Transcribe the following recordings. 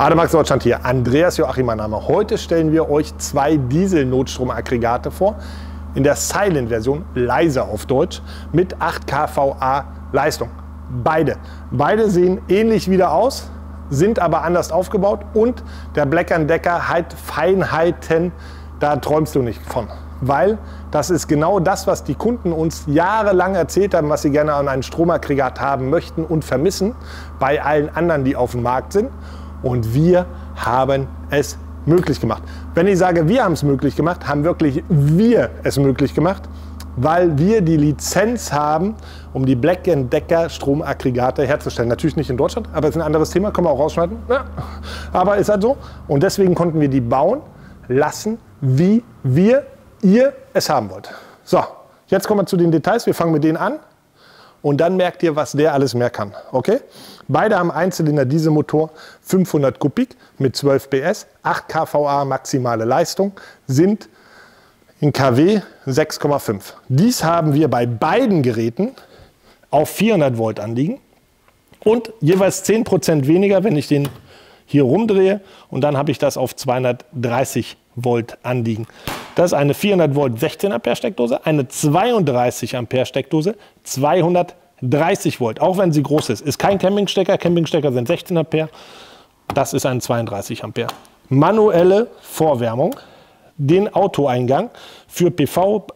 Ademax Deutschland hier, Andreas Joachim mein Name. Heute stellen wir euch zwei Diesel-Notstromaggregate vor, in der Silent-Version, leise auf Deutsch, mit 8 kVA Leistung. Beide. Beide sehen ähnlich wieder aus, sind aber anders aufgebaut und der Black Decker hat Feinheiten, da träumst du nicht von. Weil das ist genau das, was die Kunden uns jahrelang erzählt haben, was sie gerne an einem Stromaggregat haben möchten und vermissen bei allen anderen, die auf dem Markt sind. Und wir haben es möglich gemacht. Wenn ich sage, wir haben es möglich gemacht, haben wirklich wir es möglich gemacht, weil wir die Lizenz haben, um die Black Decker Stromaggregate herzustellen. Natürlich nicht in Deutschland, aber ist ein anderes Thema, können wir auch rausschneiden. Ja. Aber ist halt so. Und deswegen konnten wir die bauen lassen, wie wir, ihr es haben wollt. So, jetzt kommen wir zu den Details. Wir fangen mit denen an und dann merkt ihr, was der alles mehr kann. Okay? Beide haben Einzylinder Dieselmotor, 500 Kubik mit 12 PS, 8 kVA maximale Leistung, sind in kW 6,5. Dies haben wir bei beiden Geräten auf 400 Volt anliegen und jeweils 10% weniger, wenn ich den hier rumdrehe und dann habe ich das auf 230 Volt anliegen. Das ist eine 400 Volt 16 Ampere Steckdose, eine 32 Ampere Steckdose, 230 Volt, auch wenn sie groß ist. Ist kein Campingstecker, Campingstecker sind 16 Ampere, das ist ein 32 Ampere. Manuelle Vorwärmung, den Autoeingang für PV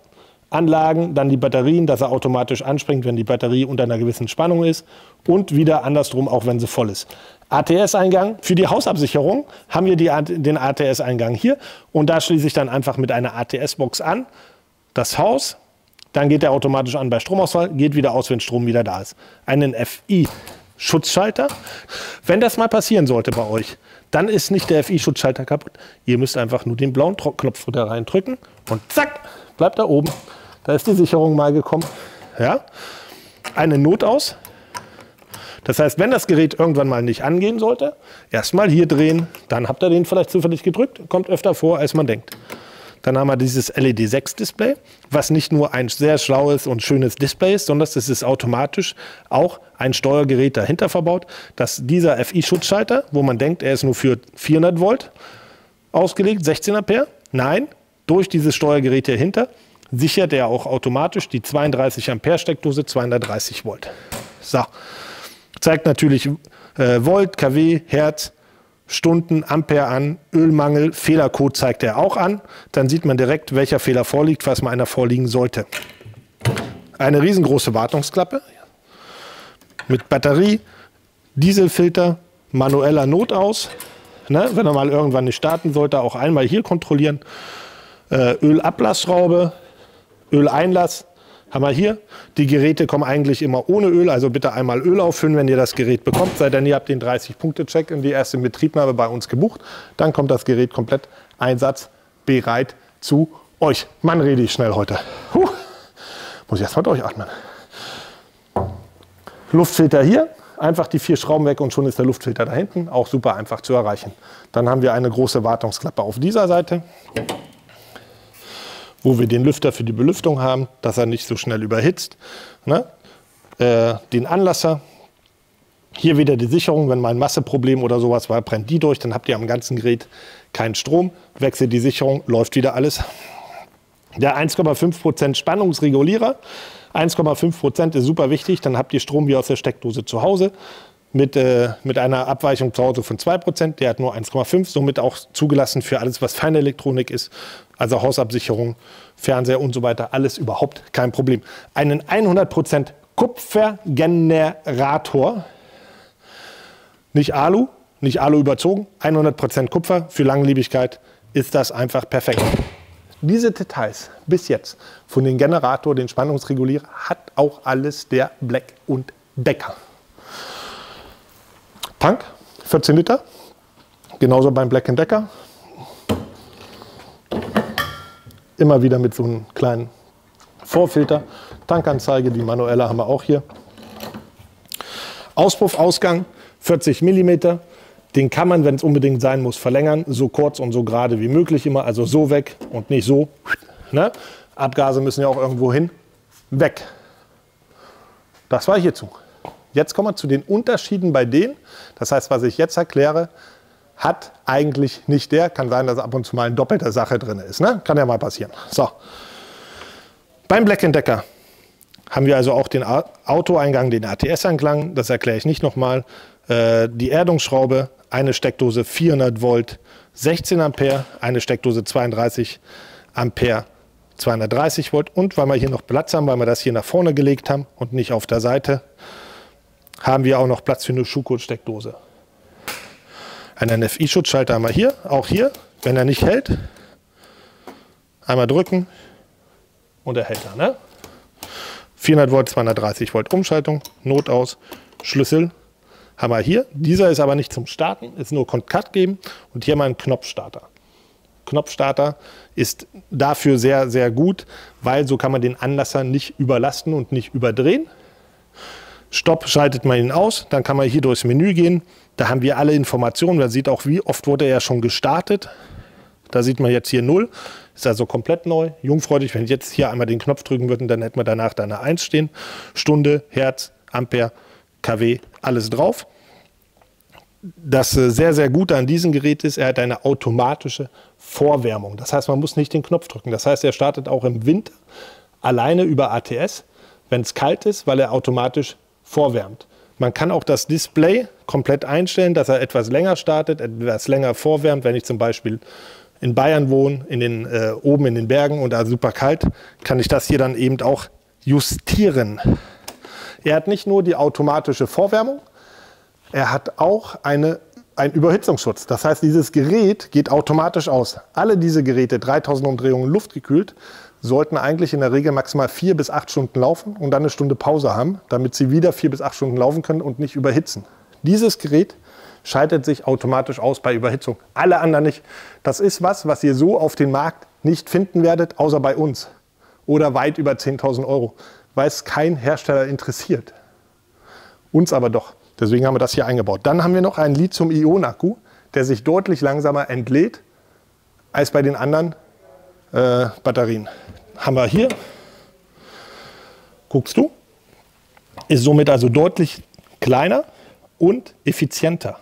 Anlagen, dann die Batterien, dass er automatisch anspringt, wenn die Batterie unter einer gewissen Spannung ist und wieder andersrum, auch wenn sie voll ist. ATS-Eingang. Für die Hausabsicherung haben wir die, den ATS-Eingang hier und da schließe ich dann einfach mit einer ATS-Box an das Haus. Dann geht er automatisch an bei Stromausfall, geht wieder aus, wenn Strom wieder da ist. Einen FI-Schutzschalter. Wenn das mal passieren sollte bei euch, dann ist nicht der FI-Schutzschalter kaputt. Ihr müsst einfach nur den blauen Knopf da reindrücken und zack, bleibt da oben. Da ist die Sicherung mal gekommen. Ja. Eine Notaus, das heißt, wenn das Gerät irgendwann mal nicht angehen sollte, erstmal hier drehen, dann habt ihr den vielleicht zufällig gedrückt, kommt öfter vor, als man denkt. Dann haben wir dieses LED-6-Display, was nicht nur ein sehr schlaues und schönes Display ist, sondern es ist automatisch auch ein Steuergerät dahinter verbaut, dass dieser FI-Schutzschalter, wo man denkt, er ist nur für 400 Volt ausgelegt, 16 Ampere, nein, durch dieses Steuergerät dahinter sichert er auch automatisch die 32 Ampere Steckdose 230 Volt. So, zeigt natürlich äh, Volt, kW, Hertz, Stunden, Ampere an, Ölmangel, Fehlercode zeigt er auch an. Dann sieht man direkt, welcher Fehler vorliegt, falls mal einer vorliegen sollte. Eine riesengroße Wartungsklappe mit Batterie, Dieselfilter, manueller Notaus. Ne, wenn er mal irgendwann nicht starten sollte, auch einmal hier kontrollieren. Äh, Ölablassschraube, Öleinlass, haben wir hier. Die Geräte kommen eigentlich immer ohne Öl, also bitte einmal Öl auffüllen, wenn ihr das Gerät bekommt, sei denn ihr habt den 30-Punkte-Check in die erste Betriebnahme bei uns gebucht. Dann kommt das Gerät komplett einsatzbereit zu euch. Mann, rede ich schnell heute. Puh. Muss ich erst mal durchatmen. Luftfilter hier, einfach die vier Schrauben weg und schon ist der Luftfilter da hinten, auch super einfach zu erreichen. Dann haben wir eine große Wartungsklappe auf dieser Seite wo wir den Lüfter für die Belüftung haben, dass er nicht so schnell überhitzt. Ne? Äh, den Anlasser. Hier wieder die Sicherung, wenn mal ein Masseproblem oder sowas war, brennt die durch, dann habt ihr am ganzen Gerät keinen Strom, wechselt die Sicherung, läuft wieder alles. Der 1,5% Spannungsregulierer, 1,5% ist super wichtig, dann habt ihr Strom wie aus der Steckdose zu Hause mit, äh, mit einer Abweichung zu Hause von 2%. Der hat nur 1,5, somit auch zugelassen für alles, was Feinelektronik ist, also Hausabsicherung, Fernseher und so weiter. Alles überhaupt kein Problem. Einen 100% Kupfergenerator, nicht Alu, nicht Alu überzogen, 100% Kupfer für Langlebigkeit ist das einfach perfekt. Diese Details bis jetzt von dem Generator, den Spannungsregulierer, hat auch alles der Black und Decker. Tank, 14 Liter. Genauso beim Black Decker. Immer wieder mit so einem kleinen Vorfilter. Tankanzeige, die manuelle haben wir auch hier. Auspuffausgang 40 mm. Den kann man, wenn es unbedingt sein muss, verlängern. So kurz und so gerade wie möglich immer. Also so weg und nicht so. Ne? Abgase müssen ja auch irgendwo hin. Weg. Das war hierzu. Jetzt kommen wir zu den Unterschieden bei denen. Das heißt, was ich jetzt erkläre, hat eigentlich nicht der. Kann sein, dass ab und zu mal ein doppelter Sache drin ist. Ne? Kann ja mal passieren. So. Beim Black Decker haben wir also auch den Autoeingang, den ATS-Eingang. Das erkläre ich nicht nochmal. Äh, die Erdungsschraube, eine Steckdose 400 Volt, 16 Ampere, eine Steckdose 32 Ampere, 230 Volt. Und weil wir hier noch Platz haben, weil wir das hier nach vorne gelegt haben und nicht auf der Seite, haben wir auch noch Platz für eine Schuhcode-Steckdose. Einen NFI-Schutzschalter einmal hier, auch hier. Wenn er nicht hält, einmal drücken und er hält da. Ne? 400 Volt, 230 Volt Umschaltung, Notaus, Schlüssel haben wir hier. Dieser ist aber nicht zum Starten, ist nur Kontakt geben und hier mal ein Knopfstarter. Knopfstarter ist dafür sehr, sehr gut, weil so kann man den Anlasser nicht überlasten und nicht überdrehen. Stopp schaltet man ihn aus, dann kann man hier durchs Menü gehen. Da haben wir alle Informationen. Man sieht auch, wie oft wurde er schon gestartet. Da sieht man jetzt hier 0. Ist also komplett neu, jungfreudig. Wenn ich jetzt hier einmal den Knopf drücken würden, dann hätten wir danach da eine 1 stehen. Stunde, Herz, Ampere, KW, alles drauf. Das äh, sehr, sehr Gute an diesem Gerät ist, er hat eine automatische Vorwärmung. Das heißt, man muss nicht den Knopf drücken. Das heißt, er startet auch im Winter alleine über ATS, wenn es kalt ist, weil er automatisch vorwärmt. Man kann auch das Display komplett einstellen, dass er etwas länger startet, etwas länger vorwärmt. Wenn ich zum Beispiel in Bayern wohne, in den, äh, oben in den Bergen und da super kalt, kann ich das hier dann eben auch justieren. Er hat nicht nur die automatische Vorwärmung, er hat auch eine ein Überhitzungsschutz. Das heißt, dieses Gerät geht automatisch aus. Alle diese Geräte, 3000 Umdrehungen luftgekühlt, sollten eigentlich in der Regel maximal vier bis acht Stunden laufen und dann eine Stunde Pause haben, damit sie wieder vier bis acht Stunden laufen können und nicht überhitzen. Dieses Gerät schaltet sich automatisch aus bei Überhitzung. Alle anderen nicht. Das ist was, was ihr so auf dem Markt nicht finden werdet, außer bei uns. Oder weit über 10.000 Euro, weil es kein Hersteller interessiert. Uns aber doch. Deswegen haben wir das hier eingebaut. Dann haben wir noch einen Lithium-Ionen-Akku, der sich deutlich langsamer entlädt als bei den anderen äh, Batterien. Haben wir hier, guckst du, ist somit also deutlich kleiner und effizienter.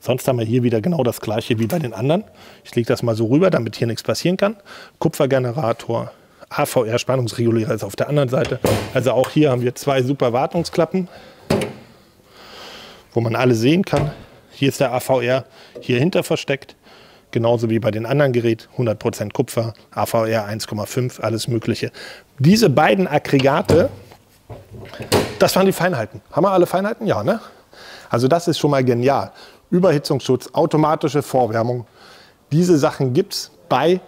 Sonst haben wir hier wieder genau das gleiche wie bei den anderen. Ich lege das mal so rüber, damit hier nichts passieren kann. Kupfergenerator, AVR-Spannungsregulierer ist auf der anderen Seite. Also auch hier haben wir zwei super Wartungsklappen wo man alle sehen kann. Hier ist der AVR hier hinter versteckt. Genauso wie bei den anderen Geräten, 100% Kupfer, AVR 1,5, alles Mögliche. Diese beiden Aggregate, das waren die Feinheiten. Haben wir alle Feinheiten? Ja, ne? Also das ist schon mal genial. Überhitzungsschutz, automatische Vorwärmung. Diese Sachen gibt es bei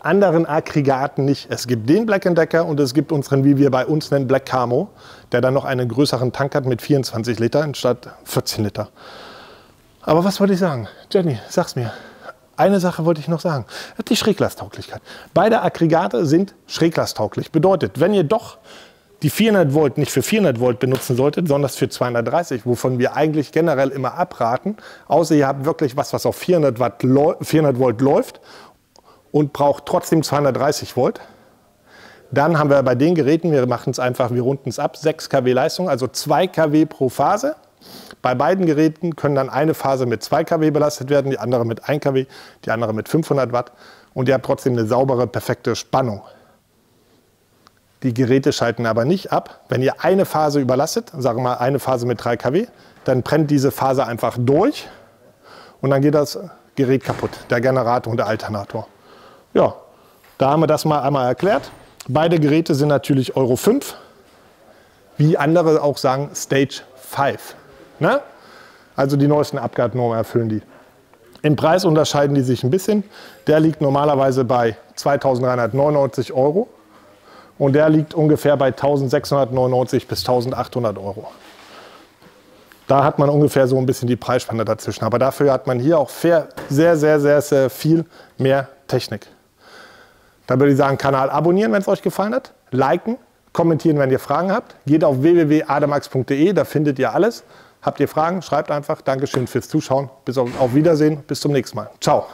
anderen Aggregaten nicht. Es gibt den Black Decker und es gibt unseren, wie wir bei uns nennen, Black Camo, der dann noch einen größeren Tank hat mit 24 Liter anstatt 14 Liter. Aber was wollte ich sagen? Jenny, sag's mir. Eine Sache wollte ich noch sagen. Die Schräglastauglichkeit. Beide Aggregate sind schräglasttauglich. Bedeutet, wenn ihr doch die 400 Volt nicht für 400 Volt benutzen solltet, sondern für 230, wovon wir eigentlich generell immer abraten, außer ihr habt wirklich was, was auf 400, Watt 400 Volt läuft und braucht trotzdem 230 Volt. Dann haben wir bei den Geräten, wir machen es einfach, wir runden es ab, 6 kW Leistung, also 2 kW pro Phase. Bei beiden Geräten können dann eine Phase mit 2 kW belastet werden, die andere mit 1 kW, die andere mit 500 Watt und ihr habt trotzdem eine saubere, perfekte Spannung. Die Geräte schalten aber nicht ab. Wenn ihr eine Phase überlastet, sagen wir mal eine Phase mit 3 kW, dann brennt diese Phase einfach durch und dann geht das Gerät kaputt, der Generator und der Alternator. Ja, da haben wir das mal einmal erklärt. Beide Geräte sind natürlich Euro 5, wie andere auch sagen Stage 5. Ne? Also die neuesten Abgasnormen erfüllen die. Im Preis unterscheiden die sich ein bisschen. Der liegt normalerweise bei 2.399 Euro und der liegt ungefähr bei 1.699 bis 1.800 Euro. Da hat man ungefähr so ein bisschen die Preisspanne dazwischen. Aber dafür hat man hier auch sehr, sehr, sehr, sehr viel mehr Technik. Dann würde ich sagen, Kanal abonnieren, wenn es euch gefallen hat, liken, kommentieren, wenn ihr Fragen habt. Geht auf www.ademax.de, da findet ihr alles. Habt ihr Fragen, schreibt einfach. Dankeschön fürs Zuschauen. Bis auf, auf Wiedersehen, bis zum nächsten Mal. Ciao.